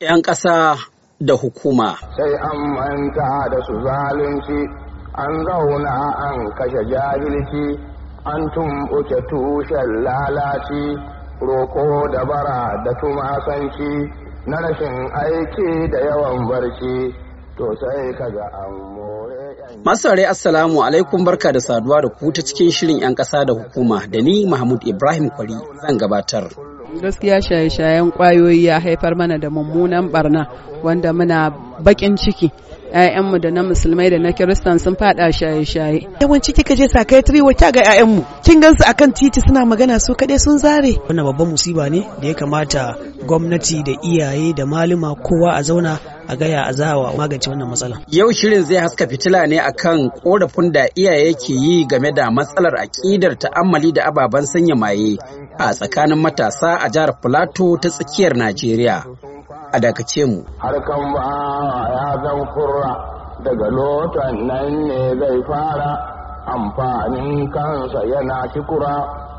'yan ƙasa da hukuma. Sai an manta da su zalunci, an zauna an kashe jahilci, an tumɓuke tushen lalaci, roko da bara da tumasanci, na rashin aiki da yawan barci, to sai an Assalamu alaikum barka da saduwa da ku ta cikin shirin 'yan ƙasa da hukuma da ni Mahmud Ibrahim Kwari zan gabatar. gaskiya shaye-shayen kwayoyi ya haifar mana da mummunan barna wanda muna bakin ciki ‘ya'yanmu da na musulmai da na kiristan sun fada shaye-shaye. Yawanci kika je sakayatri wa ga ‘ya'yanmu, kin gansu akan titi suna magana su kaɗai sun zare. Wannan babban musiba ne da ya kamata gwamnati da iyaye da malama kowa a zauna a gaya a zawa magance wannan matsala. Yau shirin zai haska fitila ne akan korafin da iyaye ke yi game da matsalar aƙidar ta'ammali da ababen sanya maye a tsakanin matasa a jihar Filato ta tsakiyar Najeriya. A dakace mu. Harkan ba ya zan kurra daga lotan nan ne zai fara amfanin kansa yana kikura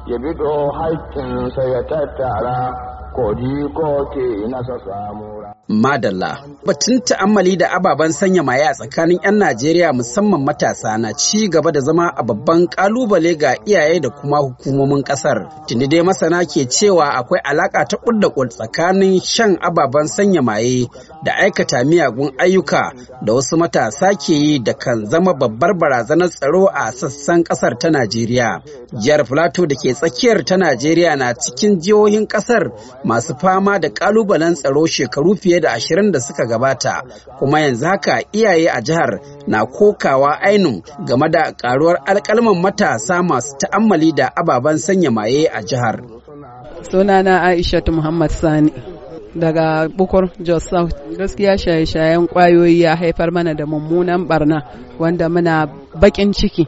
ya bido haƙƙinsa ya tattara ko ke nasa samura. Madalla. Batun ta'ammali da ababen sanya maye a tsakanin 'yan Najeriya musamman matasa na ci gaba da zama a babban kalubale ga iyaye da kuma hukumomin kasar. Tuni dai masana ke cewa akwai alaka ta kudda tsakanin shan ababen sanya maye da aikata miyagun ayyuka da wasu matasa ke yi da kan zama babbar barazanar tsaro a sassan kasar ta Najeriya. Jihar plateau da ke tsakiyar ta Najeriya na cikin jihohin kasar masu fama da kalubalen tsaro shekaru fiye da ashirin da suka gabata kuma yanzu haka iyaye a jihar na kokawa ainun game da karuwar alkalman matasa masu ta'ammali da ababen sanya maye a jihar sunana aishatu muhammad sani daga bukur jos south gaskiya shaye-shayen kwayoyi ya haifar mana da mummunan barna wanda muna bakin ciki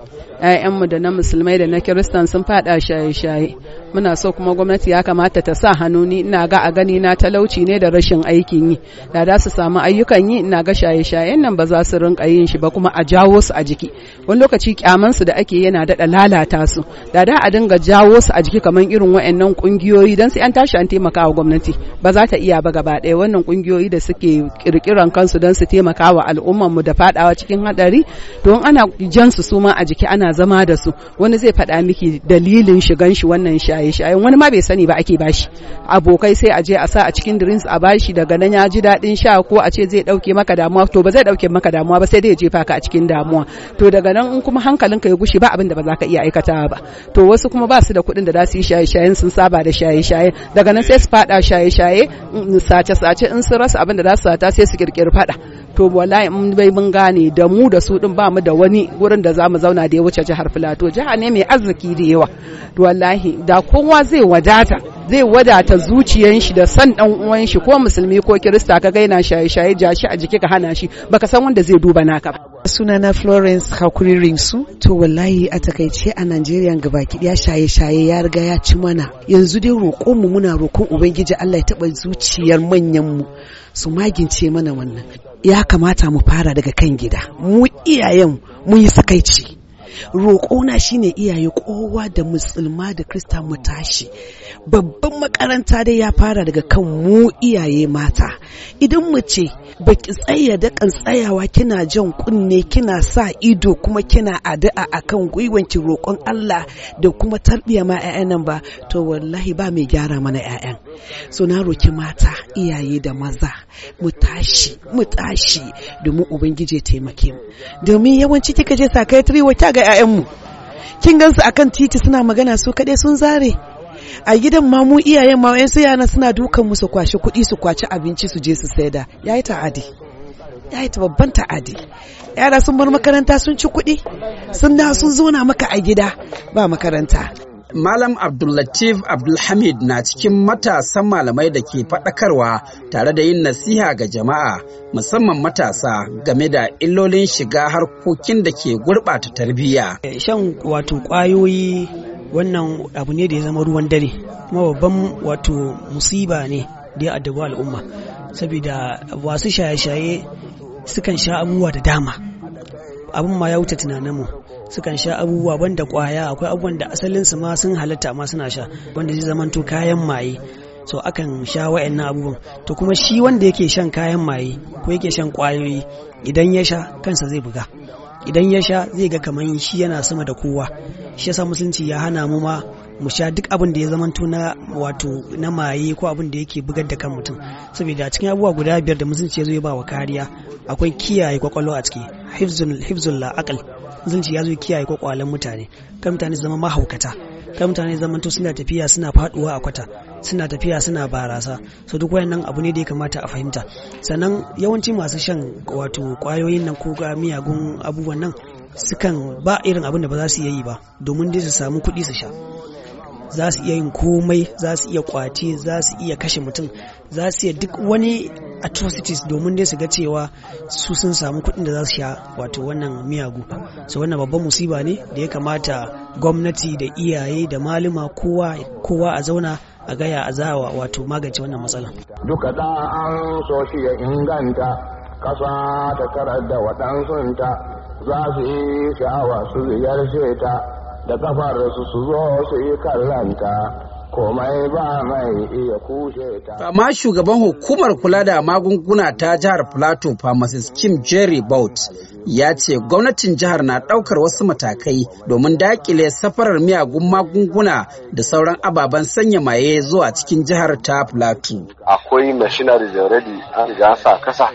mu da na musulmai da na kiristan sun fada shaye-shaye muna so kuma gwamnati ya kamata ta sa hannuni ina ga a gani na talauci ne da rashin aikin yi da za su samu ayyukan yi ina ga shaye-shayen nan ba za su rinka yin shi ba kuma a jawo su a jiki wani lokaci kyaman su da ake yana daɗa lalata su da da a dinga jawo su a jiki kamar irin waɗannan kungiyoyi dan sai an tashi an taimaka wa gwamnati ba za ta iya ba gaba ɗaya wannan kungiyoyi da suke kirkiran kansu dan su taimaka wa al'ummar mu da fadawa cikin hadari to ana jansu su ma a jiki ana zama da su wani zai faɗa miki dalilin shigan shi wannan shaye shaye wani ma bai sani ba ake bashi abokai sai a je a sa a cikin drinks a bashi daga nan ya ji daɗin sha ko a ce zai ɗauke maka damuwa to ba zai ɗauke maka damuwa ba sai dai ya jefa ka a cikin damuwa to daga nan in kuma hankalinka ya gushi ba abin da ba za ka iya aikatawa ba to wasu kuma ba su da kuɗin da za su yi shaye shayen sun saba da shaye shaye daga nan sai su faɗa shaye shaye mm, sace sace in sun rasa abin da za su sata sai su kirkiri faɗa to wallahi mun bai mun gane da mu da su din ba mu da wani gurin da zamu zauna da ya wuce jihar Filato jiha ne mai arziki da yawa to wallahi da kowa zai wadata zai wadata zuciyan shi da san dan uwan shi ko musulmi ko kirista ka ga yana shaye shaye jashi a jiki ka hana shi baka san wanda zai duba naka ba sunana florence hakuri rinsu to wallahi a takaice a najeriya baki ya shaye-shaye ya riga ya ci mana yanzu dai roƙon mu muna roƙon ubangiji allah ya taɓa zuciyar manyan mu su magince mana wannan ya kamata mu fara daga kan gida mu iyayen mu yi sakaici roƙona shine iyaye kowa da musulma da krista mu tashi babban makaranta dai ya fara daga kan mu iyaye mata idan mu ce baki tsaya da kan tsayawa kina jan kunne kina sa ido kuma kina addu'a akan gwiwanki roƙon Allah da kuma tarbiya ma ƴaƴan nan ba to wallahi ba mai gyara mana 'ya'yan so na roki mata iyaye da maza mu tashi mu tashi domin ubangiji ya taimake mu domin yawanci kika je sakayatri wata ga da 'ya'yanmu kin gansu akan titi suna magana su kaɗai sun zare a gidan ma mu iyayen ma wayansu yana suna dukan mu su kwashi kuɗi su kwaci abinci su je su saida yayi ta'adi yayi ta babban ta'adi yara sun bar makaranta sun ci kuɗi sun da sun zauna maka a gida ba makaranta Malam Abdullatif Abdulhamid na cikin matasan malamai da ke faɗakarwa tare da yin nasiha ga jama'a musamman matasa game da illolin shiga harkokin da ke gurɓata tarbiyya. Shan wato ƙwayoyi wannan abu ne da ya zama ruwan dare kuma babban wato musiba ne da ya addabi al'umma saboda wasu shaye-shaye sukan sha abubuwa da dama abin ma ya wuce tunanin mu sukan sha abubuwa banda kwaya akwai abubuwan da asalin su ma sun halatta ma suna sha wanda zai zamanto kayan maye so akan sha wa'annan abubuwan to kuma shi wanda yake shan kayan maye ko yake shan kwayoyi idan ya sha kansa zai buga idan ya sha zai ga kamar shi yana sama da kowa shi yasa musulunci ya hana mu ma mu sha duk abin da ya zamanto na wato na maye ko abin da yake bugar da kan mutum saboda cikin abubuwa guda biyar da musulunci ya zo ya ba wa kariya akwai kiyaye kwakwalwa a ciki hifzun la'akal musulunci ya zo kiyaye kwakwalen mutane kan mutane zama mahaukata kan mutane zamanto suna tafiya suna faduwa a kwata suna tafiya suna barasa so duk wayannan abu ne da ya kamata a fahimta sannan yawanci masu shan wato kwayoyin nan ko ga miyagun abubuwan nan sukan ba irin abin da ba za su yi ba domin dai su samu kuɗi su sha za su iya yin komai za su iya kwace za su iya kashe mutum za su iya duk wani atrocities domin dai su ga cewa su sun samu kuɗin da za su sha wato wannan miyagu so wannan babban musiba ne da ya kamata gwamnati da iyaye da malama kowa a zauna a gaya a zawa wato magance wannan matsalan duka da an so shi inganta kasa ta karar da waɗansunta za su yi sha'awa su ziyarce ta da kafarsu su zo su yi kallanta komai ba mai iya kushe ta. Amma shugaban hukumar kula da magunguna ta jihar Plateau pharmacist Kim Jerry Bout ya ce gwamnatin jihar na ɗaukar wasu matakai domin dakile safarar miyagun magunguna da sauran ababen sanya maye zuwa cikin jihar ta Plateau. Akwai machinery da ready an riga sa kasa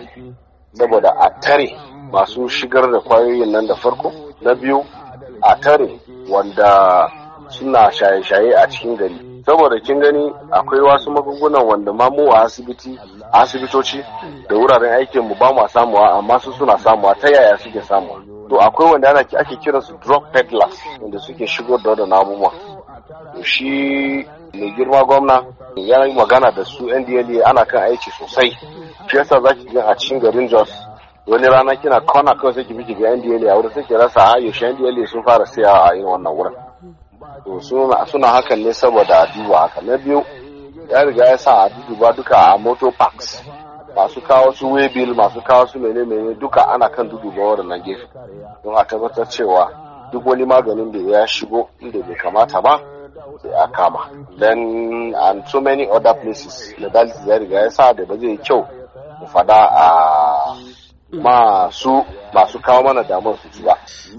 saboda a tare masu shigar da kwayoyin nan da farko na biyu a tare wanda suna shaye-shaye a cikin gari saboda kin gani akwai wasu magungunan wanda ma mu a asibiti asibitoci da wuraren aikin mu ba mu samuwa amma su suna samuwa ta yaya suke samuwa to akwai wanda ana ake su drug peddlers wanda suke shigo da wadannan to shi mai girma gwamna ya yi magana da su ndla ana kan aiki sosai shi yasa za ki a cikin garin jos wani rana kina kona kawai sai ki kifi ga NDLA a wurin sai ki rasa a yaushe NDLA sun fara siya a yin wannan wurin to suna hakan ne saboda a duba haka na biyu ya riga ya sa a duba duka a moto parks masu kawo su webil masu kawo su mene mene duka ana kan duduba waɗannan gefe don a tabbatar cewa duk wani maganin da ya shigo inda bai kamata ba sai a kama then and so many other places na ya riga ya sa da ba zai kyau mu fada a masu masu kawo mana damar su ji ba.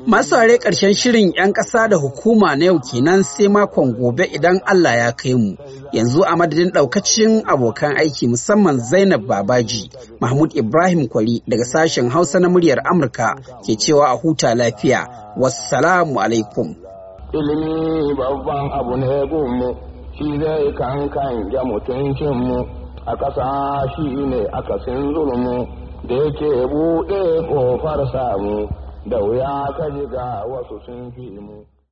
Masu saurare ƙarshen shirin 'yan ƙasa da hukuma na yau kenan sai makon gobe idan Allah ya kai mu. Yanzu a madadin ɗaukacin abokan aiki musamman Zainab Babaji, Mahmud Ibrahim Kwari daga sashen Hausa na muryar Amurka ke cewa a huta lafiya. Wassalamu alaikum. Ilimi babban abu ne gumu, shi zai kankan ya mutuncinmu, a ƙasa shi ne akasin zulmu. da yake buɗe ƙofar samu da wuya ka ji wasu sun fi mu.